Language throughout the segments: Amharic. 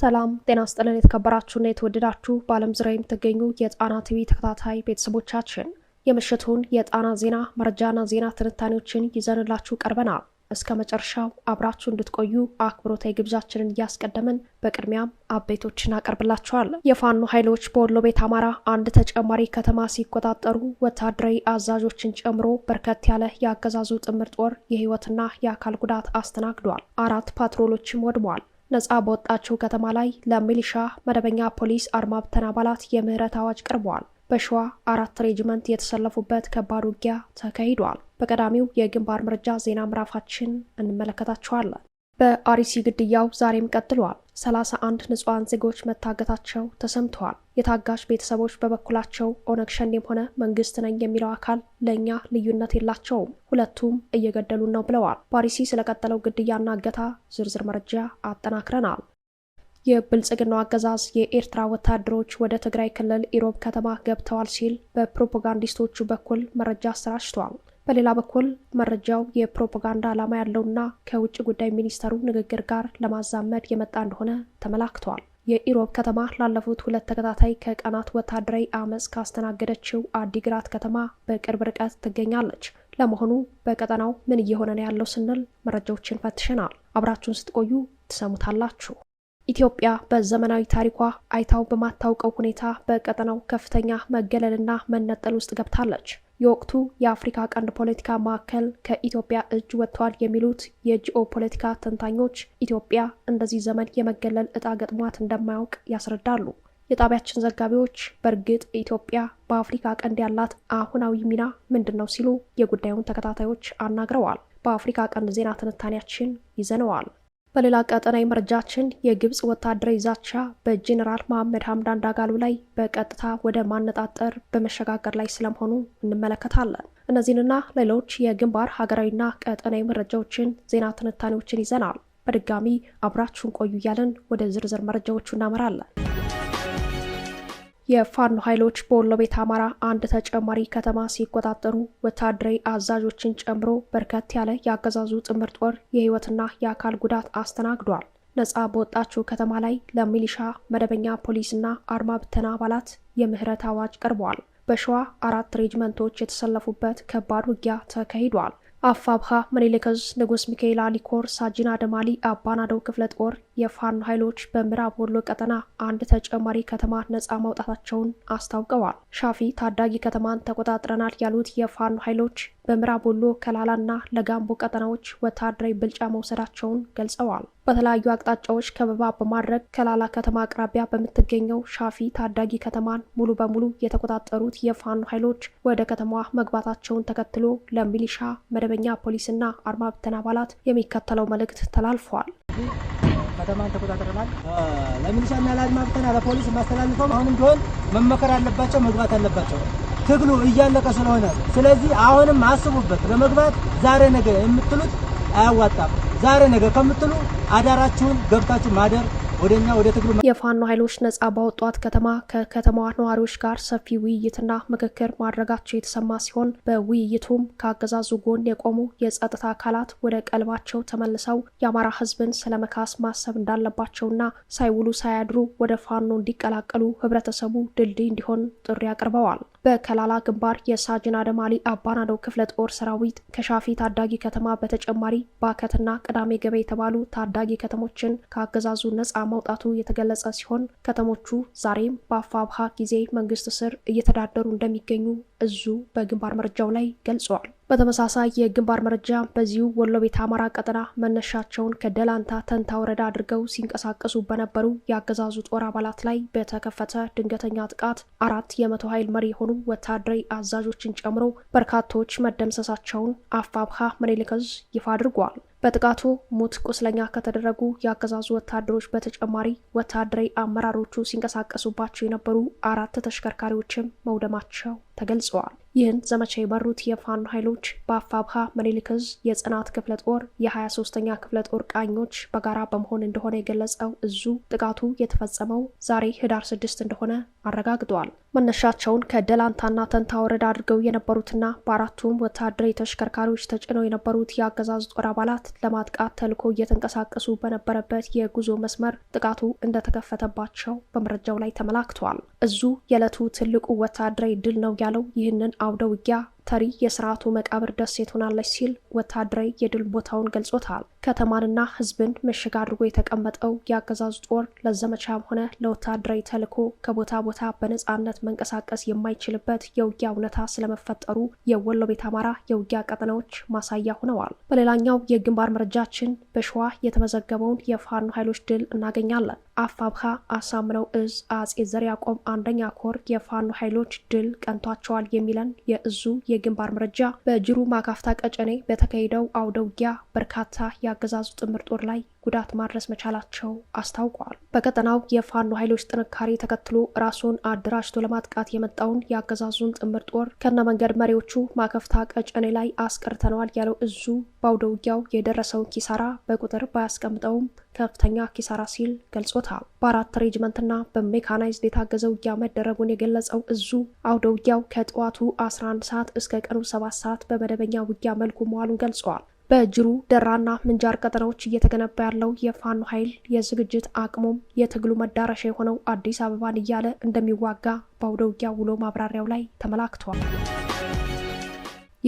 ሰላም ጤና ስጥልን። የተከበራችሁና የተወደዳችሁ በዓለም ዙሪያ የምትገኙ የጣና ቲቪ ተከታታይ ቤተሰቦቻችን የምሽቱን የጣና ዜና መረጃና ዜና ትንታኔዎችን ይዘንላችሁ ቀርበናል። እስከ መጨረሻው አብራችሁ እንድትቆዩ አክብሮታዊ ግብዣችንን እያስቀደምን በቅድሚያም አበይቶችን አቀርብላችኋለን። የፋኖ ኃይሎች በወሎ ቤት አማራ አንድ ተጨማሪ ከተማ ሲቆጣጠሩ ወታደራዊ አዛዦችን ጨምሮ በርከት ያለ የአገዛዙ ጥምር ጦር የሕይወትና የአካል ጉዳት አስተናግዷል። አራት ፓትሮሎችም ወድመዋል። ነጻ በወጣችው ከተማ ላይ ለሚሊሻ መደበኛ ፖሊስ አርማ ብተን አባላት የምህረት አዋጅ ቀርበዋል። በሸዋ አራት ሬጅመንት የተሰለፉበት ከባድ ውጊያ ተካሂዷል። በቀዳሚው የግንባር መረጃ ዜና ምዕራፋችን እንመለከታቸዋለን። በአሪሲ ግድያው ዛሬም ቀጥሏል። 31 አንድ ንጹሐን ዜጎች መታገታቸው ተሰምተዋል። የታጋሽ ቤተሰቦች በበኩላቸው ኦነግ ሸኔም ሆነ መንግስት ነኝ የሚለው አካል ለእኛ ልዩነት የላቸውም፣ ሁለቱም እየገደሉን ነው ብለዋል። በአርሲ ስለቀጠለው ግድያና እገታ ዝርዝር መረጃ አጠናክረናል። የብልጽግናው አገዛዝ የኤርትራ ወታደሮች ወደ ትግራይ ክልል ኢሮብ ከተማ ገብተዋል ሲል በፕሮፓጋንዲስቶቹ በኩል መረጃ አሰራጭቷል። በሌላ በኩል መረጃው የፕሮፓጋንዳ ዓላማ ያለውና ከውጭ ጉዳይ ሚኒስተሩ ንግግር ጋር ለማዛመድ የመጣ እንደሆነ ተመላክተዋል። የኢሮብ ከተማ ላለፉት ሁለት ተከታታይ ከቀናት ወታደራዊ አመፅ ካስተናገደችው አዲግራት ከተማ በቅርብ ርቀት ትገኛለች። ለመሆኑ በቀጠናው ምን እየሆነ ነው ያለው ስንል መረጃዎችን ፈትሸናል። አብራችሁን ስትቆዩ ትሰሙታላችሁ። ኢትዮጵያ በዘመናዊ ታሪኳ አይታው በማታውቀው ሁኔታ በቀጠናው ከፍተኛ መገለልና መነጠል ውስጥ ገብታለች። የወቅቱ የአፍሪካ ቀንድ ፖለቲካ ማዕከል ከኢትዮጵያ እጅ ወጥቷል የሚሉት የጂኦ ፖለቲካ ተንታኞች ኢትዮጵያ እንደዚህ ዘመን የመገለል እጣ ገጥሟት እንደማያውቅ ያስረዳሉ። የጣቢያችን ዘጋቢዎች በእርግጥ ኢትዮጵያ በአፍሪካ ቀንድ ያላት አሁናዊ ሚና ምንድን ነው ሲሉ የጉዳዩን ተከታታዮች አናግረዋል። በአፍሪካ ቀንድ ዜና ትንታኔያችን ይዘነዋል። በሌላ ቀጠናዊ መረጃችን የግብፅ ወታደራዊ ዛቻ በጄኔራል መሐመድ ሀምዳን ዳጋሉ ላይ በቀጥታ ወደ ማነጣጠር በመሸጋገር ላይ ስለመሆኑ እንመለከታለን። እነዚህንና ሌሎች የግንባር ሀገራዊና ቀጠናዊ መረጃዎችን፣ ዜና ትንታኔዎችን ይዘናል። በድጋሚ አብራችሁን ቆዩ እያለን ወደ ዝርዝር መረጃዎቹ እናመራለን። የፋኖ ኃይሎች በወሎ ቤት አማራ አንድ ተጨማሪ ከተማ ሲቆጣጠሩ ወታደራዊ አዛዦችን ጨምሮ በርከት ያለ የአገዛዙ ጥምር ጦር የህይወትና የአካል ጉዳት አስተናግዷል። ነጻ በወጣችው ከተማ ላይ ለሚሊሻ መደበኛ ፖሊስና አርማ ብተና አባላት የምህረት አዋጅ ቀርበዋል። በሸዋ አራት ሬጅመንቶች የተሰለፉበት ከባድ ውጊያ ተካሂዷል። አፋብሃ መኔሊከዝ ንጉስ ሚካኤል አሊኮር ሳጂን አደማሊ አባናደው ክፍለ ጦር የፋኖ ኃይሎች በምዕራብ ወሎ ቀጠና አንድ ተጨማሪ ከተማ ነፃ ማውጣታቸውን አስታውቀዋል። ሻፊ ታዳጊ ከተማን ተቆጣጥረናል ያሉት የፋኖ ኃይሎች በምዕራብ ወሎ ከላላና ለጋምቦ ቀጠናዎች ወታደራዊ ብልጫ መውሰዳቸውን ገልጸዋል። በተለያዩ አቅጣጫዎች ከበባ በማድረግ ከላላ ከተማ አቅራቢያ በምትገኘው ሻፊ ታዳጊ ከተማን ሙሉ በሙሉ የተቆጣጠሩት የፋኖ ኃይሎች ወደ ከተማዋ መግባታቸውን ተከትሎ ለሚሊሻ መደበኛ ፖሊስና አርማ ብተን አባላት የሚከተለው መልእክት ተላልፏል። ከተማን ተቆጣጥረናል። ለሚሊሻና ለአድማ ብተና ለፖሊስ የማስተላልፈው አሁንም ቢሆን መመከር አለባቸው፣ መግባት አለባቸው። ትግሉ እያለቀ ስለሆነ፣ ስለዚህ አሁንም አስቡበት። ለመግባት ዛሬ ነገ የምትሉት አያዋጣም። ዛሬ ነገ ከምትሉ አዳራችሁን ገብታችሁ ማደር ወደኛ ወደ ትግሉ የፋኖ ኃይሎች ነጻ ባወጧት ከተማ ከከተማዋ ነዋሪዎች ጋር ሰፊ ውይይትና ምክክር ማድረጋቸው የተሰማ ሲሆን በውይይቱም ከአገዛዙ ጎን የቆሙ የጸጥታ አካላት ወደ ቀልባቸው ተመልሰው የአማራ ሕዝብን ስለ መካስ ማሰብ እንዳለባቸውና ሳይውሉ ሳያድሩ ወደ ፋኖ እንዲቀላቀሉ ህብረተሰቡ ድልድይ እንዲሆን ጥሪ አቅርበዋል። በከላላ ግንባር የሳጅን አደማሊ አባናዶ ክፍለ ጦር ሰራዊት ከሻፊ ታዳጊ ከተማ በተጨማሪ ባከትና ቅዳሜ ገበ የተባሉ ታዳጊ ከተሞችን ከአገዛዙ ነፃ መውጣቱ የተገለጸ ሲሆን ከተሞቹ ዛሬም በአፋብሃ ጊዜ መንግስት ስር እየተዳደሩ እንደሚገኙ እዙ በግንባር መረጃው ላይ ገልጸዋል። በተመሳሳይ የግንባር መረጃ በዚሁ ወሎ ቤት አማራ ቀጠና መነሻቸውን ከደላንታ ተንታ ወረዳ አድርገው ሲንቀሳቀሱ በነበሩ የአገዛዙ ጦር አባላት ላይ በተከፈተ ድንገተኛ ጥቃት አራት የመቶ ኃይል መሪ የሆኑ ወታደራዊ አዛዦችን ጨምሮ በርካቶች መደምሰሳቸውን አፋብሃ መኔልከዝ ይፋ አድርጓል። በጥቃቱ ሙት ቁስለኛ ከተደረጉ የአገዛዙ ወታደሮች በተጨማሪ ወታደራዊ አመራሮቹ ሲንቀሳቀሱባቸው የነበሩ አራት ተሽከርካሪዎችም መውደማቸው ተገልጸዋል። ይህን ዘመቻ የመሩት የፋኖ ኃይሎች በአፋብሃ መኔሊክዝ የጽናት ክፍለ ጦር የ23ኛ ክፍለ ጦር ቃኞች በጋራ በመሆን እንደሆነ የገለጸው እዙ ጥቃቱ የተፈጸመው ዛሬ ህዳር ስድስት እንደሆነ አረጋግጧል። መነሻቸውን ከደላንታና ተንታ ወረዳ አድርገው የነበሩትና በአራቱም ወታደራዊ ተሽከርካሪዎች ተጭነው የነበሩት የአገዛዝ ጦር አባላት ለማጥቃት ተልኮ እየተንቀሳቀሱ በነበረበት የጉዞ መስመር ጥቃቱ እንደተከፈተባቸው በመረጃው ላይ ተመላክቷል። እዙ የዕለቱ ትልቁ ወታደራዊ ድል ነው የተባለው ይህንን አውደ ውጊያ ተሪ የስርዓቱ መቃብር ደሴት ሆናለች ሲል ወታደራዊ የድል ቦታውን ገልጾታል። ከተማንና ሕዝብን ምሽግ አድርጎ የተቀመጠው የአገዛዙ ጦር ለዘመቻም ሆነ ለወታደራዊ ተልዕኮ ከቦታ ቦታ በነፃነት መንቀሳቀስ የማይችልበት የውጊያ እውነታ ስለመፈጠሩ የወሎ ቤት አማራ የውጊያ ቀጠናዎች ማሳያ ሆነዋል። በሌላኛው የግንባር መረጃችን በሸዋ የተመዘገበውን የፋኖ ኃይሎች ድል እናገኛለን። አፋብሃ አሳምነው እዝ አጼ ዘርዓ ያዕቆብ አንደኛ ኮር የፋኖ ኃይሎች ድል ቀንቷቸዋል የሚለን የእዙ የ የግንባር መረጃ በጅሩ ማካፍታ ቀጨኔ በተካሄደው አውደውጊያ በርካታ የአገዛዙ ጥምር ጦር ላይ ጉዳት ማድረስ መቻላቸው አስታውቋል። በቀጠናው የፋኖ ኃይሎች ጥንካሬ ተከትሎ ራሱን አደራጅቶ ለማጥቃት የመጣውን የአገዛዙን ጥምር ጦር ከነ መንገድ መሪዎቹ ማከፍታ ቀጨኔ ላይ አስቀርተነዋል ያለው እዙ በአውደ ውጊያው የደረሰውን ኪሳራ በቁጥር ባያስቀምጠውም ከፍተኛ ኪሳራ ሲል ገልጾታል። በአራት ሬጅመንትና በሜካናይዝድ የታገዘ ውጊያ መደረጉን የገለጸው እዙ አውደ ውጊያው ከጠዋቱ 11 ሰዓት እስከ ቀኑ 7 ሰዓት በመደበኛ ውጊያ መልኩ መዋሉን ገልጿል። በጅሩ ደራና ምንጃር ቀጠናዎች እየተገነባ ያለው የፋኖ ኃይል የዝግጅት አቅሙም የትግሉ መዳረሻ የሆነው አዲስ አበባን እያለ እንደሚዋጋ በአውደ ውጊያ ውሎ ማብራሪያው ላይ ተመላክቷል።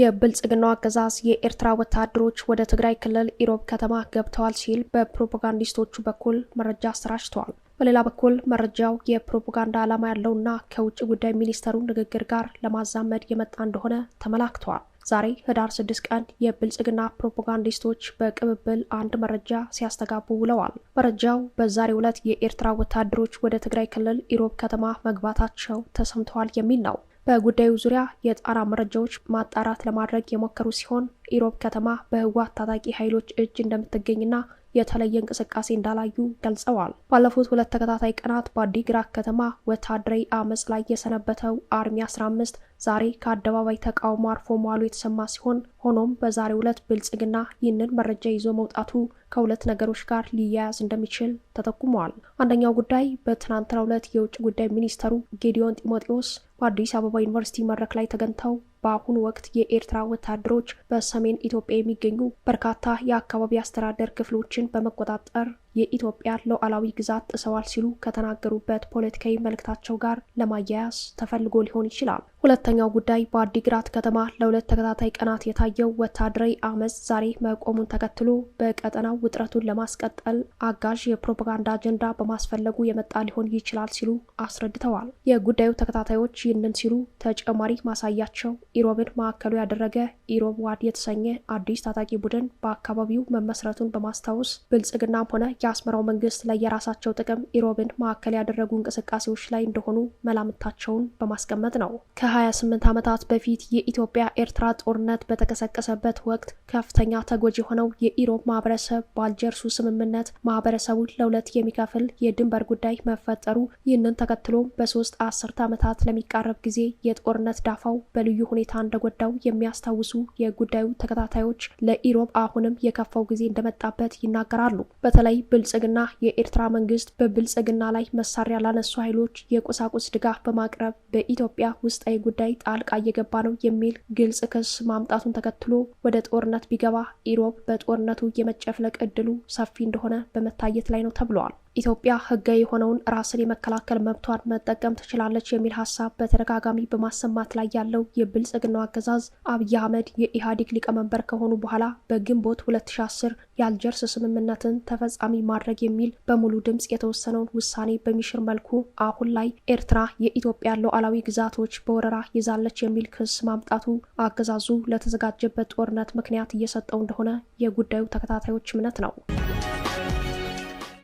የብልጽግናው አገዛዝ የኤርትራ ወታደሮች ወደ ትግራይ ክልል ኢሮብ ከተማ ገብተዋል ሲል በፕሮፓጋንዲስቶቹ በኩል መረጃ አሰራጭተዋል። በሌላ በኩል መረጃው የፕሮፓጋንዳ ዓላማ ያለውና ከውጭ ጉዳይ ሚኒስተሩ ንግግር ጋር ለማዛመድ የመጣ እንደሆነ ተመላክተዋል። ዛሬ ህዳር ስድስት ቀን የብልጽግና ፕሮፓጋንዲስቶች በቅብብል አንድ መረጃ ሲያስተጋቡ ውለዋል። መረጃው በዛሬው ዕለት የኤርትራ ወታደሮች ወደ ትግራይ ክልል ኢሮብ ከተማ መግባታቸው ተሰምተዋል የሚል ነው። በጉዳዩ ዙሪያ የጣራ መረጃዎች ማጣራት ለማድረግ የሞከሩ ሲሆን ኢሮብ ከተማ በህወሓት ታጣቂ ኃይሎች እጅ እንደምትገኝና የተለየ እንቅስቃሴ እንዳላዩ ገልጸዋል። ባለፉት ሁለት ተከታታይ ቀናት በአዲግራት ከተማ ወታደራዊ አመፅ ላይ የሰነበተው አርሚ 15 ዛሬ ከአደባባይ ተቃውሞ አርፎ መዋሉ የተሰማ ሲሆን ሆኖም በዛሬው ዕለት ብልጽግና ይህንን መረጃ ይዞ መውጣቱ ከሁለት ነገሮች ጋር ሊያያዝ እንደሚችል ተጠቁመዋል። አንደኛው ጉዳይ በትናንትናው ዕለት የውጭ ጉዳይ ሚኒስተሩ ጌዲዮን ጢሞቴዎስ በአዲስ አበባ ዩኒቨርሲቲ መድረክ ላይ ተገኝተው በአሁኑ ወቅት የኤርትራ ወታደሮች በሰሜን ኢትዮጵያ የሚገኙ በርካታ የአካባቢ አስተዳደር ክፍሎችን በመቆጣጠር የኢትዮጵያ ሉዓላዊ ግዛት ጥሰዋል ሲሉ ከተናገሩበት ፖለቲካዊ መልእክታቸው ጋር ለማያያዝ ተፈልጎ ሊሆን ይችላል። ሁለተኛው ጉዳይ በአዲግራት ከተማ ለሁለት ተከታታይ ቀናት የታየው ወታደራዊ አመፅ ዛሬ መቆሙን ተከትሎ በቀጠናው ውጥረቱን ለማስቀጠል አጋዥ የፕሮፓጋንዳ አጀንዳ በማስፈለጉ የመጣ ሊሆን ይችላል ሲሉ አስረድተዋል። የጉዳዩ ተከታታዮች ይህንን ሲሉ ተጨማሪ ማሳያቸው ኢሮብን ማዕከሉ ያደረገ ኢሮብ ዋድ የተሰኘ አዲስ ታጣቂ ቡድን በአካባቢው መመስረቱን በማስታወስ ብልጽግናም ሆነ የአስመራው መንግስት ለየራሳቸው ጥቅም ኢሮብን ማዕከል ያደረጉ እንቅስቃሴዎች ላይ እንደሆኑ መላምታቸውን በማስቀመጥ ነው። ከ28 ዓመታት በፊት የኢትዮጵያ ኤርትራ ጦርነት በተቀሰቀሰበት ወቅት ከፍተኛ ተጎጂ የሆነው የኢሮብ ማህበረሰብ በአልጀርሱ ስምምነት ማህበረሰቡን ለሁለት የሚከፍል የድንበር ጉዳይ መፈጠሩ፣ ይህንን ተከትሎ በሶስት አስርት ዓመታት ለሚቃረብ ጊዜ የጦርነት ዳፋው በልዩ ሁኔታ እንደጎዳው የሚያስታውሱ የጉዳዩ ተከታታዮች ለኢሮብ አሁንም የከፋው ጊዜ እንደመጣበት ይናገራሉ። በተለይ ብልጽግና የኤርትራ መንግስት በብልጽግና ላይ መሳሪያ ላነሱ ኃይሎች የቁሳቁስ ድጋፍ በማቅረብ በኢትዮጵያ ውስጣዊ ጉዳይ ጣልቃ እየገባ ነው የሚል ግልጽ ክስ ማምጣቱን ተከትሎ ወደ ጦርነት ቢገባ ኢሮብ በጦርነቱ የመጨፍለቅ እድሉ ሰፊ እንደሆነ በመታየት ላይ ነው ተብለዋል። ኢትዮጵያ ህጋዊ የሆነውን ራስን የመከላከል መብቷን መጠቀም ትችላለች የሚል ሀሳብ በተደጋጋሚ በማሰማት ላይ ያለው የብልጽግናው አገዛዝ አብይ አህመድ የኢህአዴግ ሊቀመንበር ከሆኑ በኋላ በግንቦት 2010 የአልጀርስ ስምምነትን ተፈጻሚ ማድረግ የሚል በሙሉ ድምፅ የተወሰነውን ውሳኔ በሚሽር መልኩ አሁን ላይ ኤርትራ የኢትዮጵያ ሉዓላዊ ግዛቶች በወረራ ይዛለች የሚል ክስ ማምጣቱ አገዛዙ ለተዘጋጀበት ጦርነት ምክንያት እየሰጠው እንደሆነ የጉዳዩ ተከታታዮች እምነት ነው።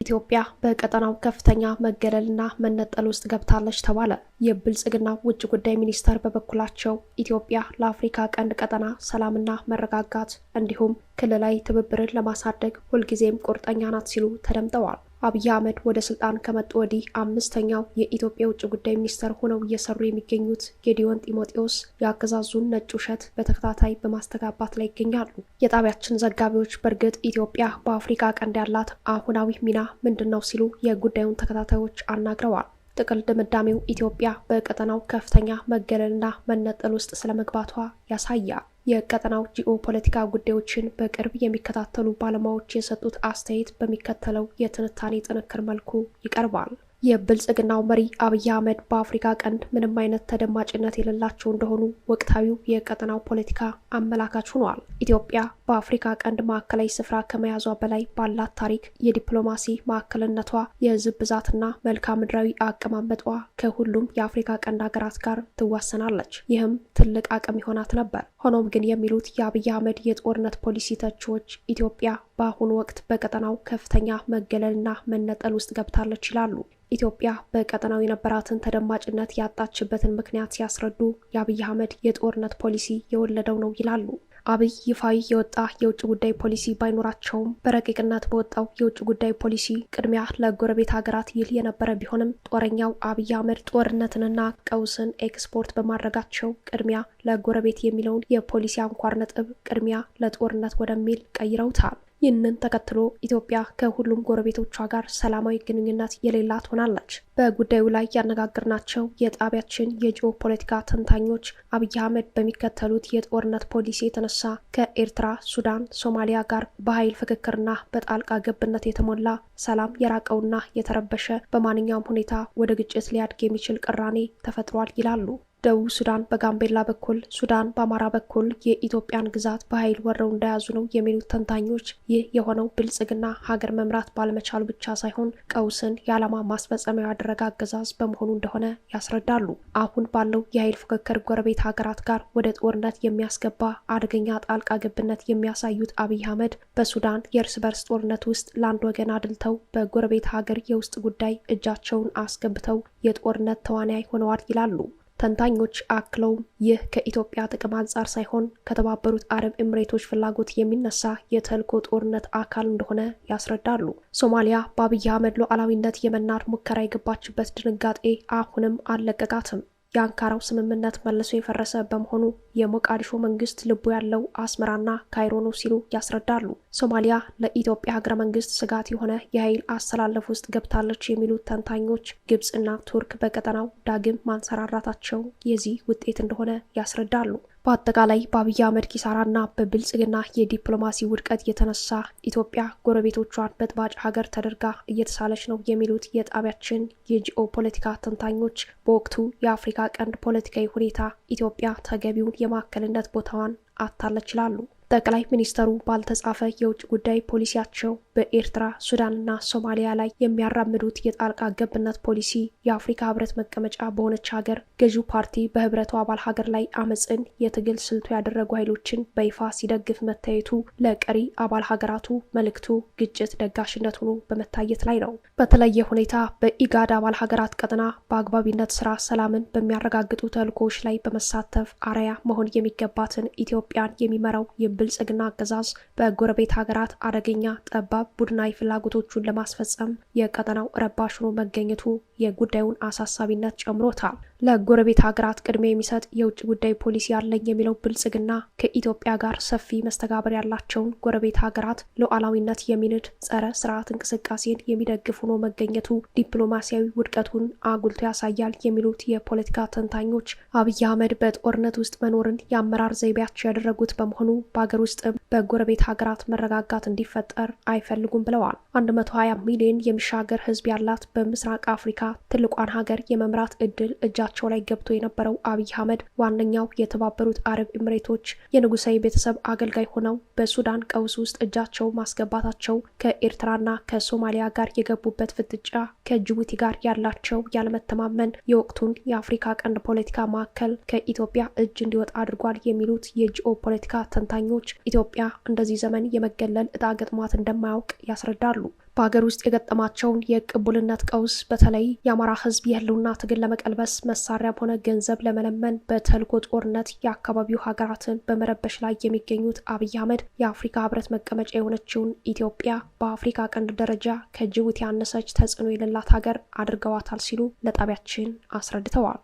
ኢትዮጵያ በቀጠናው ከፍተኛ መገለልና መነጠል ውስጥ ገብታለች ተባለ። የብልጽግና ውጭ ጉዳይ ሚኒስተር በበኩላቸው ኢትዮጵያ ለአፍሪካ ቀንድ ቀጠና ሰላምና መረጋጋት እንዲሁም ክልላዊ ትብብርን ለማሳደግ ሁልጊዜም ቁርጠኛ ናት ሲሉ ተደምጠዋል። አብይ አህመድ ወደ ስልጣን ከመጡ ወዲህ አምስተኛው የኢትዮጵያ ውጭ ጉዳይ ሚኒስተር ሆነው እየሰሩ የሚገኙት ጌዲዮን ጢሞቴዎስ የአገዛዙን ነጭ ውሸት በተከታታይ በማስተጋባት ላይ ይገኛሉ። የጣቢያችን ዘጋቢዎች በእርግጥ ኢትዮጵያ በአፍሪካ ቀንድ ያላት አሁናዊ ሚና ምንድን ነው ሲሉ የጉዳዩን ተከታታዮች አናግረዋል። ጥቅል ድምዳሜው ኢትዮጵያ በቀጠናው ከፍተኛ መገለልና መነጠል ውስጥ ስለመግባቷ ያሳያል። የቀጠናው ጂኦፖለቲካ ጉዳዮችን በቅርብ የሚከታተሉ ባለሙያዎች የሰጡት አስተያየት በሚከተለው የትንታኔ ጥንክር መልኩ ይቀርባል። የብልጽግናው መሪ አብይ አህመድ በአፍሪካ ቀንድ ምንም አይነት ተደማጭነት የሌላቸው እንደሆኑ ወቅታዊው የቀጠናው ፖለቲካ አመላካች ሆኗል። ኢትዮጵያ በአፍሪካ ቀንድ ማዕከላዊ ስፍራ ከመያዟ በላይ ባላት ታሪክ የዲፕሎማሲ ማዕከልነቷ፣ የሕዝብ ብዛትና መልክዓ ምድራዊ አቀማመጧ ከሁሉም የአፍሪካ ቀንድ ሀገራት ጋር ትዋሰናለች። ይህም ትልቅ አቅም ይሆናት ነበር። ሆኖም ግን የሚሉት የአብይ አህመድ የጦርነት ፖሊሲ ተቺዎች ኢትዮጵያ በአሁኑ ወቅት በቀጠናው ከፍተኛ መገለልና መነጠል ውስጥ ገብታለች ይላሉ። ኢትዮጵያ በቀጠናው የነበራትን ተደማጭነት ያጣችበትን ምክንያት ሲያስረዱ የአብይ አህመድ የጦርነት ፖሊሲ የወለደው ነው ይላሉ። አብይ ይፋዊ የወጣ የውጭ ጉዳይ ፖሊሲ ባይኖራቸውም በረቂቅነት በወጣው የውጭ ጉዳይ ፖሊሲ ቅድሚያ ለጎረቤት ሀገራት ይል የነበረ ቢሆንም ጦረኛው አብይ አህመድ ጦርነትንና ቀውስን ኤክስፖርት በማድረጋቸው ቅድሚያ ለጎረቤት የሚለውን የፖሊሲ አንኳር ነጥብ ቅድሚያ ለጦርነት ወደሚል ቀይረውታል። ይህንን ተከትሎ ኢትዮጵያ ከሁሉም ጎረቤቶቿ ጋር ሰላማዊ ግንኙነት የሌላት ሆናለች። በጉዳዩ ላይ ያነጋገርናቸው የጣቢያችን የጂኦ ፖለቲካ ተንታኞች አብይ አህመድ በሚከተሉት የጦርነት ፖሊሲ የተነሳ ከኤርትራ፣ ሱዳን፣ ሶማሊያ ጋር በኃይል ፍክክርና በጣልቃ ገብነት የተሞላ ሰላም የራቀውና የተረበሸ በማንኛውም ሁኔታ ወደ ግጭት ሊያድግ የሚችል ቅራኔ ተፈጥሯል ይላሉ። ደቡብ ሱዳን በጋምቤላ በኩል ሱዳን በአማራ በኩል የኢትዮጵያን ግዛት በኃይል ወረው እንደያዙ ነው የሚሉት ተንታኞች ይህ የሆነው ብልጽግና ሀገር መምራት ባለመቻሉ ብቻ ሳይሆን ቀውስን የዓላማ ማስፈጸሚያ ያደረገ አገዛዝ በመሆኑ እንደሆነ ያስረዳሉ። አሁን ባለው የኃይል ፉክክር ጎረቤት ሀገራት ጋር ወደ ጦርነት የሚያስገባ አደገኛ ጣልቃ ገብነት የሚያሳዩት አብይ አህመድ በሱዳን የእርስ በርስ ጦርነት ውስጥ ለአንድ ወገን አድልተው በጎረቤት ሀገር የውስጥ ጉዳይ እጃቸውን አስገብተው የጦርነት ተዋናይ ሆነዋል ይላሉ። ተንታኞች አክለው ይህ ከኢትዮጵያ ጥቅም አንጻር ሳይሆን ከተባበሩት አረብ ኤምሬቶች ፍላጎት የሚነሳ የተልኮ ጦርነት አካል እንደሆነ ያስረዳሉ። ሶማሊያ በአብይ አህመድ ሉዓላዊነት የመናድ ሙከራ የገባችበት ድንጋጤ አሁንም አልለቀቃትም። የአንካራው ስምምነት መልሶ የፈረሰ በመሆኑ የሞቃዲሾ መንግስት ልቡ ያለው አስመራና ካይሮ ነው ሲሉ ያስረዳሉ። ሶማሊያ ለኢትዮጵያ ሀገረ መንግስት ስጋት የሆነ የኃይል አሰላለፍ ውስጥ ገብታለች የሚሉት ተንታኞች ግብፅና ቱርክ በቀጠናው ዳግም ማንሰራራታቸው የዚህ ውጤት እንደሆነ ያስረዳሉ። በአጠቃላይ በአብይ አህመድ ኪሳራና በብልጽግና የዲፕሎማሲ ውድቀት የተነሳ ኢትዮጵያ ጎረቤቶቿን በጥባጭ ሀገር ተደርጋ እየተሳለች ነው የሚሉት የጣቢያችን የጂኦ ፖለቲካ ተንታኞች በወቅቱ የአፍሪካ ቀንድ ፖለቲካዊ ሁኔታ ኢትዮጵያ ተገቢውን የማዕከልነት ቦታዋን አታለች ይላሉ። ጠቅላይ ሚኒስተሩ ባልተጻፈ የውጭ ጉዳይ ፖሊሲያቸው በኤርትራ ሱዳንና ሶማሊያ ላይ የሚያራምዱት የጣልቃ ገብነት ፖሊሲ የአፍሪካ ህብረት መቀመጫ በሆነች ሀገር ገዢው ፓርቲ በህብረቱ አባል ሀገር ላይ አመፅን የትግል ስልቱ ያደረጉ ኃይሎችን በይፋ ሲደግፍ መታየቱ ለቀሪ አባል ሀገራቱ መልእክቱ ግጭት ደጋሽነት ሆኖ በመታየት ላይ ነው። በተለየ ሁኔታ በኢጋድ አባል ሀገራት ቀጠና በአግባቢነት ስራ ሰላምን በሚያረጋግጡ ተልእኮዎች ላይ በመሳተፍ አርአያ መሆን የሚገባትን ኢትዮጵያን የሚመራው ብልጽግና አገዛዝ በጎረቤት ሀገራት አደገኛ ጠባብ ቡድናዊ ፍላጎቶቹን ለማስፈጸም የቀጠናው ረባሽ ሆኖ መገኘቱ የጉዳዩን አሳሳቢነት ጨምሮታል። ለጎረቤት ሀገራት ቅድሚያ የሚሰጥ የውጭ ጉዳይ ፖሊሲ ያለኝ የሚለው ብልጽግና ከኢትዮጵያ ጋር ሰፊ መስተጋብር ያላቸውን ጎረቤት ሀገራት ሉዓላዊነት የሚንድ ጸረ ስርዓት እንቅስቃሴን የሚደግፍ ሆኖ መገኘቱ ዲፕሎማሲያዊ ውድቀቱን አጉልቶ ያሳያል የሚሉት የፖለቲካ ተንታኞች አብይ አህመድ በጦርነት ውስጥ መኖርን የአመራር ዘይቤያቸው ያደረጉት በመሆኑ በሀገር ውስጥም በጎረቤት ሀገራት መረጋጋት እንዲፈጠር አይፈልጉም ብለዋል። 120 ሚሊዮን የሚሻገር ህዝብ ያላት በምስራቅ አፍሪካ ትልቋን ሀገር የመምራት እድል እጃ ሀገራቸው ላይ ገብቶ የነበረው አብይ አህመድ ዋነኛው የተባበሩት አረብ ኤምሬቶች የንጉሳዊ ቤተሰብ አገልጋይ ሆነው በሱዳን ቀውስ ውስጥ እጃቸው ማስገባታቸው ከኤርትራና ከሶማሊያ ጋር የገቡበት ፍጥጫ፣ ከጅቡቲ ጋር ያላቸው ያለመተማመን የወቅቱን የአፍሪካ ቀንድ ፖለቲካ ማዕከል ከኢትዮጵያ እጅ እንዲወጣ አድርጓል የሚሉት የጂኦ ፖለቲካ ተንታኞች ኢትዮጵያ እንደዚህ ዘመን የመገለል እጣ ገጥሟት እንደማያውቅ ያስረዳሉ። በሀገር ውስጥ የገጠማቸውን የቅቡልነት ቀውስ በተለይ የአማራ ህዝብ የህልውና ትግል ለመቀልበስ መሳሪያም ሆነ ገንዘብ ለመለመን በተልጎ ጦርነት የአካባቢው ሀገራትን በመረበሽ ላይ የሚገኙት አብይ አህመድ የአፍሪካ ህብረት መቀመጫ የሆነችውን ኢትዮጵያ በአፍሪካ ቀንድ ደረጃ ከጅቡቲ ያነሰች ተጽዕኖ የሌላት ሀገር አድርገዋታል ሲሉ ለጣቢያችን አስረድተዋል።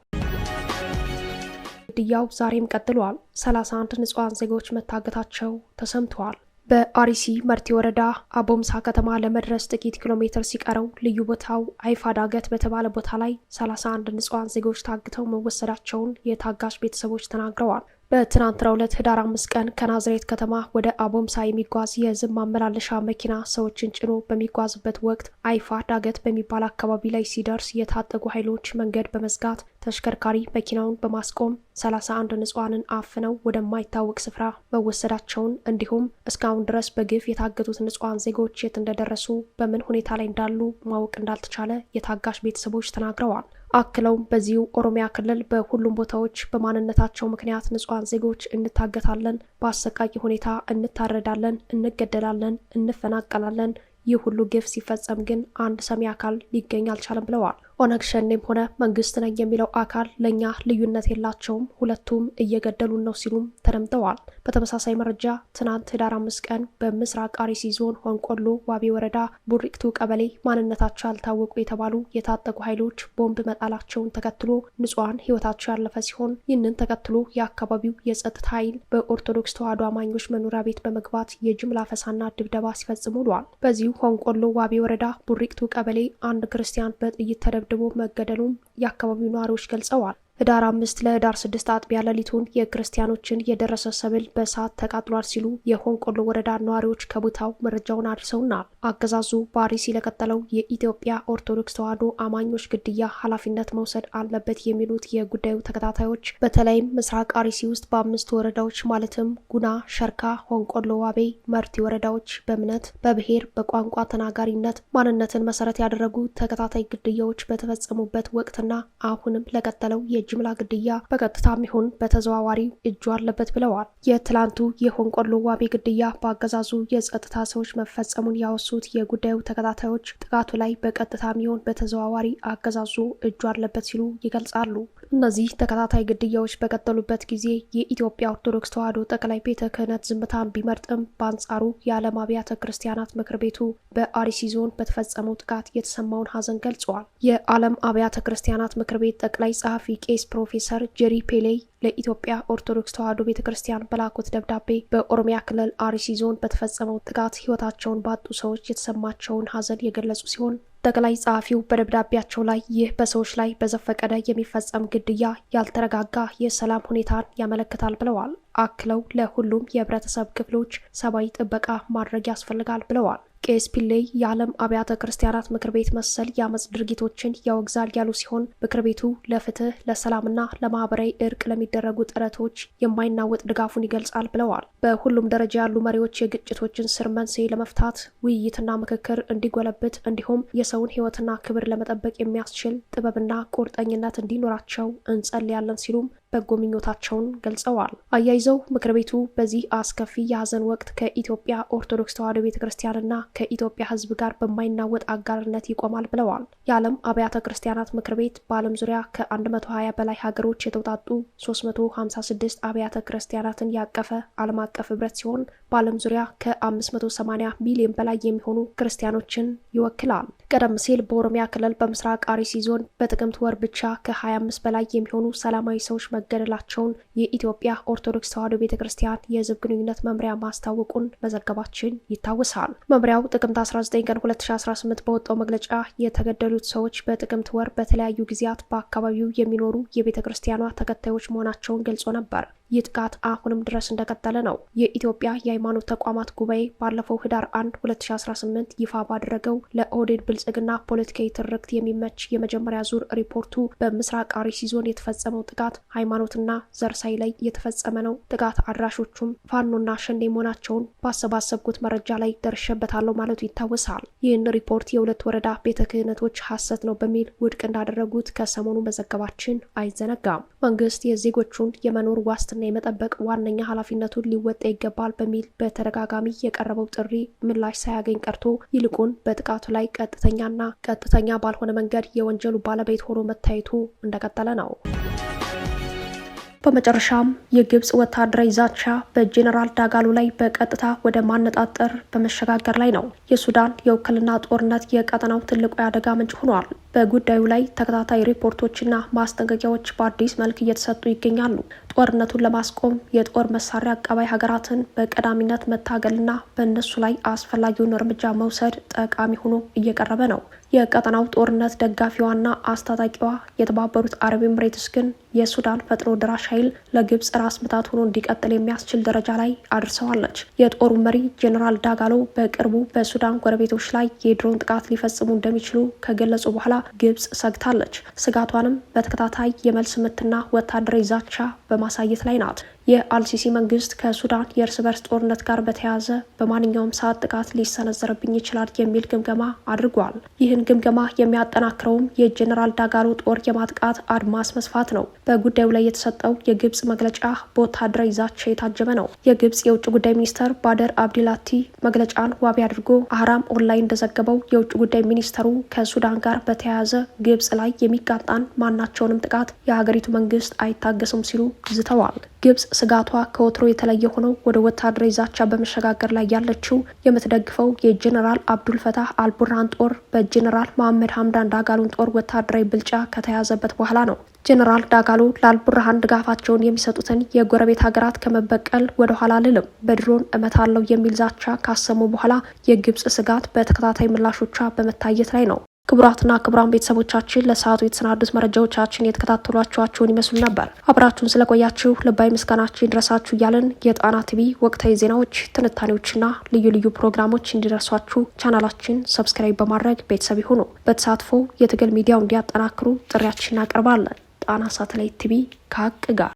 ግድያው ዛሬም ቀጥሏል። ሰላሳ አንድ ንጹሐን ዜጎች መታገታቸው ተሰምተዋል። በአሪሲ መርቲ ወረዳ አቦምሳ ከተማ ለመድረስ ጥቂት ኪሎ ሜትር ሲቀረው ልዩ ቦታው አይፋ ዳገት በተባለ ቦታ ላይ 31 ንጹሐን ዜጎች ታግተው መወሰዳቸውን የታጋሽ ቤተሰቦች ተናግረዋል። በትናንትናው ዕለት ህዳር አምስት ቀን ከናዝሬት ከተማ ወደ አቦምሳ የሚጓዝ የህዝብ ማመላለሻ መኪና ሰዎችን ጭኖ በሚጓዝበት ወቅት አይፋ ዳገት በሚባል አካባቢ ላይ ሲደርስ የታጠቁ ኃይሎች መንገድ በመዝጋት ተሽከርካሪ መኪናውን በማስቆም 31 አንድ ንጹሐንን አፍነው ወደማይታወቅ ስፍራ መወሰዳቸውን እንዲሁም እስካሁን ድረስ በግፍ የታገቱት ንጹሐን ዜጎች የት እንደደረሱ በምን ሁኔታ ላይ እንዳሉ ማወቅ እንዳልተቻለ የታጋሽ ቤተሰቦች ተናግረዋል። አክለውም በዚሁ ኦሮሚያ ክልል በሁሉም ቦታዎች በማንነታቸው ምክንያት ንጹሐን ዜጎች እንታገታለን፣ በአሰቃቂ ሁኔታ እንታረዳለን፣ እንገደላለን፣ እንፈናቀላለን። ይህ ሁሉ ግፍ ሲፈጸም ግን አንድ ሰሚ አካል ሊገኝ አልቻለም ብለዋል። ኦነግ ሸኔም ሆነ መንግስት ነኝ የሚለው አካል ለእኛ ልዩነት የላቸውም፣ ሁለቱም እየገደሉን ነው ሲሉም ተደምጠዋል። በተመሳሳይ መረጃ ትናንት ህዳር አምስት ቀን በምስራቅ አርሲ ዞን ሆንቆሎ ዋቤ ወረዳ ቡሪቅቱ ቀበሌ ማንነታቸው ያልታወቁ የተባሉ የታጠቁ ኃይሎች ቦምብ መጣላቸውን ተከትሎ ንጹሐን ህይወታቸው ያለፈ ሲሆን ይህንን ተከትሎ የአካባቢው የጸጥታ ኃይል በኦርቶዶክስ ተዋሕዶ አማኞች መኖሪያ ቤት በመግባት የጅምላ ፈሳና ድብደባ ሲፈጽሙ ውሏል። በዚሁ ሆንቆሎ ዋቤ ወረዳ ቡሪቅቱ ቀበሌ አንድ ክርስቲያን በጥይት ተደ ተደብድቦ መገደሉም የአካባቢው ነዋሪዎች ገልጸዋል። ህዳር አምስት ለህዳር ስድስት አጥቢያ ሌሊቱን የክርስቲያኖችን የደረሰ ሰብል በእሳት ተቃጥሏል ሲሉ የሆንቆሎ ወረዳ ነዋሪዎች ከቦታው መረጃውን አድርሰውናል። አገዛዙ ፓሪስ ለቀጠለው የኢትዮጵያ ኦርቶዶክስ ተዋሕዶ አማኞች ግድያ ኃላፊነት መውሰድ አለበት የሚሉት የጉዳዩ ተከታታዮች በተለይም ምስራቅ አርሲ ውስጥ በአምስት ወረዳዎች ማለትም ጉና፣ ሸርካ፣ ሆንቆሎ ዋቤ፣ መርቲ ወረዳዎች በእምነት በብሔር፣ በቋንቋ ተናጋሪነት ማንነትን መሰረት ያደረጉ ተከታታይ ግድያዎች በተፈጸሙበት ወቅትና አሁንም ለቀጠለው የጅምላ ግድያ በቀጥታም ይሁን በተዘዋዋሪ እጁ አለበት ብለዋል። የትላንቱ የሆንቆሎ ዋቤ ግድያ በአገዛዙ የጸጥታ ሰዎች መፈጸሙን ያወሱ ያነሱት የጉዳዩ ተከታታዮች ጥቃቱ ላይ በቀጥታ ሚሆን በተዘዋዋሪ አገዛዙ እጁ አለበት ሲሉ ይገልጻሉ። እነዚህ ተከታታይ ግድያዎች በቀጠሉበት ጊዜ የኢትዮጵያ ኦርቶዶክስ ተዋሕዶ ጠቅላይ ቤተ ክህነት ዝምታን ቢመርጥም በአንጻሩ የዓለም አብያተ ክርስቲያናት ምክር ቤቱ በአርሲ ዞን በተፈጸመው ጥቃት የተሰማውን ሐዘን ገልጸዋል። የዓለም አብያተ ክርስቲያናት ምክር ቤት ጠቅላይ ጸሐፊ ቄስ ፕሮፌሰር ጄሪ ፔሌይ ለኢትዮጵያ ኦርቶዶክስ ተዋሕዶ ቤተ ክርስቲያን በላኩት ደብዳቤ በኦሮሚያ ክልል አርሲ ዞን በተፈጸመው ጥቃት ሕይወታቸውን ባጡ ሰዎች የተሰማቸውን ሐዘን የገለጹ ሲሆን ጠቅላይ ጸሐፊው በደብዳቤያቸው ላይ ይህ በሰዎች ላይ በዘፈቀደ የሚፈጸም ግድያ ያልተረጋጋ የሰላም ሁኔታን ያመለክታል ብለዋል። አክለው ለሁሉም የህብረተሰብ ክፍሎች ሰብአዊ ጥበቃ ማድረግ ያስፈልጋል ብለዋል። ቄስ ፒሌይ የዓለም አብያተ ክርስቲያናት ምክር ቤት መሰል የአመፅ ድርጊቶችን ያወግዛል ያሉ ሲሆን ምክር ቤቱ ለፍትህ ለሰላምና ለማህበራዊ እርቅ ለሚደረጉ ጥረቶች የማይናወጥ ድጋፉን ይገልጻል ብለዋል። በሁሉም ደረጃ ያሉ መሪዎች የግጭቶችን ስር መንስኤ ለመፍታት ውይይትና ምክክር እንዲጎለብት እንዲሁም የሰውን ህይወትና ክብር ለመጠበቅ የሚያስችል ጥበብና ቁርጠኝነት እንዲኖራቸው እንጸልያለን ሲሉም በጎ ምኞታቸውን ገልጸዋል። አያይዘው ምክር ቤቱ በዚህ አስከፊ የሀዘን ወቅት ከኢትዮጵያ ኦርቶዶክስ ተዋሕዶ ቤተ ክርስቲያንና ከኢትዮጵያ ሕዝብ ጋር በማይናወጥ አጋርነት ይቆማል ብለዋል። የዓለም አብያተ ክርስቲያናት ምክር ቤት በዓለም ዙሪያ ከ120 በላይ ሀገሮች የተውጣጡ 356 አብያተ ክርስቲያናትን ያቀፈ ዓለም አቀፍ ህብረት ሲሆን በዓለም ዙሪያ ከ580 ሚሊዮን በላይ የሚሆኑ ክርስቲያኖችን ይወክላል። ቀደም ሲል በኦሮሚያ ክልል በምስራቅ አርሲ ዞን በጥቅምት ወር ብቻ ከ25 በላይ የሚሆኑ ሰላማዊ ሰዎች መ መገደላቸውን የኢትዮጵያ ኦርቶዶክስ ተዋሕዶ ቤተ ክርስቲያን የሕዝብ ግንኙነት መምሪያ ማስታወቁን መዘገባችን ይታወሳል። መምሪያው ጥቅምት 19 ቀን 2018 በወጣው መግለጫ የተገደሉት ሰዎች በጥቅምት ወር በተለያዩ ጊዜያት በአካባቢው የሚኖሩ የቤተ ክርስቲያኗ ተከታዮች መሆናቸውን ገልጾ ነበር። ይህ ጥቃት አሁንም ድረስ እንደቀጠለ ነው። የኢትዮጵያ የሃይማኖት ተቋማት ጉባኤ ባለፈው ህዳር 1 2018 ይፋ ባደረገው ለኦህዴድ ብልጽግና ፖለቲካዊ ትርክት የሚመች የመጀመሪያ ዙር ሪፖርቱ በምስራቅ አርሲ ዞን የተፈጸመው ጥቃት ሃይማኖትና ዘር ላይ የተፈጸመ ነው፣ ጥቃት አድራሾቹም ፋኖና ሸኔ መሆናቸውን ባሰባሰብኩት መረጃ ላይ ደርሼበታለሁ ማለቱ ይታወሳል። ይህን ሪፖርት የሁለት ወረዳ ቤተ ክህነቶች ሀሰት ነው በሚል ውድቅ እንዳደረጉት ከሰሞኑ መዘገባችን አይዘነጋም። መንግስት የዜጎቹን የመኖር ዋስትና ንጽህና የመጠበቅ ዋነኛ ኃላፊነቱን ሊወጣ ይገባል በሚል በተደጋጋሚ የቀረበው ጥሪ ምላሽ ሳያገኝ ቀርቶ ይልቁን በጥቃቱ ላይ ቀጥተኛና ቀጥተኛ ባልሆነ መንገድ የወንጀሉ ባለቤት ሆኖ መታየቱ እንደቀጠለ ነው። በመጨረሻም የግብፅ ወታደራዊ ዛቻ በጄኔራል ዳጋሉ ላይ በቀጥታ ወደ ማነጣጠር በመሸጋገር ላይ ነው። የሱዳን የውክልና ጦርነት የቀጠናው ትልቁ የአደጋ ምንጭ ሆኗል። በጉዳዩ ላይ ተከታታይ ሪፖርቶችና ማስጠንቀቂያዎች በአዲስ መልክ እየተሰጡ ይገኛሉ። ጦርነቱን ለማስቆም የጦር መሳሪያ አቀባይ ሀገራትን በቀዳሚነት መታገልና በእነሱ ላይ አስፈላጊውን እርምጃ መውሰድ ጠቃሚ ሆኖ እየቀረበ ነው። የቀጠናው ጦርነት ደጋፊዋና አስታጣቂዋ የተባበሩት አረብ ኤምሬትስ ግን የሱዳን ፈጥኖ ደራሽ ኃይል ለግብጽ ራስ ምታት ሆኖ እንዲቀጥል የሚያስችል ደረጃ ላይ አድርሰዋለች። የጦሩ መሪ ጄኔራል ዳጋሎ በቅርቡ በሱዳን ጎረቤቶች ላይ የድሮን ጥቃት ሊፈጽሙ እንደሚችሉ ከገለጹ በኋላ ግብጽ ሰግታለች። ስጋቷንም በተከታታይ የመልስ ምትና ወታደራዊ ዛቻ በማሳየት ላይ ናት። የአልሲሲ መንግስት ከሱዳን የእርስ በርስ ጦርነት ጋር በተያያዘ በማንኛውም ሰዓት ጥቃት ሊሰነዘርብኝ ይችላል የሚል ግምገማ አድርጓል። ይህን ግምገማ የሚያጠናክረውም የጀኔራል ዳጋሎ ጦር የማጥቃት አድማስ መስፋት ነው። በጉዳዩ ላይ የተሰጠው የግብጽ መግለጫ በወታደራዊ ዛቻ የታጀበ ነው። የግብጽ የውጭ ጉዳይ ሚኒስተር ባደር አብዲላቲ መግለጫን ዋቢ አድርጎ አህራም ኦንላይን እንደዘገበው የውጭ ጉዳይ ሚኒስተሩ ከሱዳን ጋር በተያያዘ ግብጽ ላይ የሚጋጣን ማናቸውንም ጥቃት የሀገሪቱ መንግስት አይታገስም ሲሉ ዝተዋል። ግብጽ ስጋቷ ከወትሮ የተለየ ሆነው ወደ ወታደራዊ ዛቻ በመሸጋገር ላይ ያለችው የምትደግፈው የጀኔራል አብዱልፈታህ አልቡርሃን ጦር በጀኔራል መሐመድ ሀምዳን ዳጋሎን ጦር ወታደራዊ ብልጫ ከተያዘበት በኋላ ነው። ጀኔራል ዳጋሎ ለአልቡርሃን ድጋፋቸውን የሚሰጡትን የጎረቤት ሀገራት ከመበቀል ወደኋላ አልልም፣ በድሮን አለው የሚል ዛቻ ካሰሙ በኋላ የግብጽ ስጋት በተከታታይ ምላሾቿ በመታየት ላይ ነው። ክቡራትና ክቡራን ቤተሰቦቻችን ለሰዓቱ የተሰናዱት መረጃዎቻችን የተከታተሏችኋቸውን ይመስሉ ነበር። አብራችሁን ስለቆያችሁ ልባዊ ምስጋናችን ይድረሳችሁ እያለን የጣና ቲቪ ወቅታዊ ዜናዎች፣ ትንታኔዎችና ልዩ ልዩ ፕሮግራሞች እንዲደርሷችሁ ቻናላችን ሰብስክራይብ በማድረግ ቤተሰብ ይሁኑ። በተሳትፎ የትግል ሚዲያው እንዲያጠናክሩ ጥሪያችን እናቀርባለን። ጣና ሳተላይት ቲቪ ከሀቅ ጋር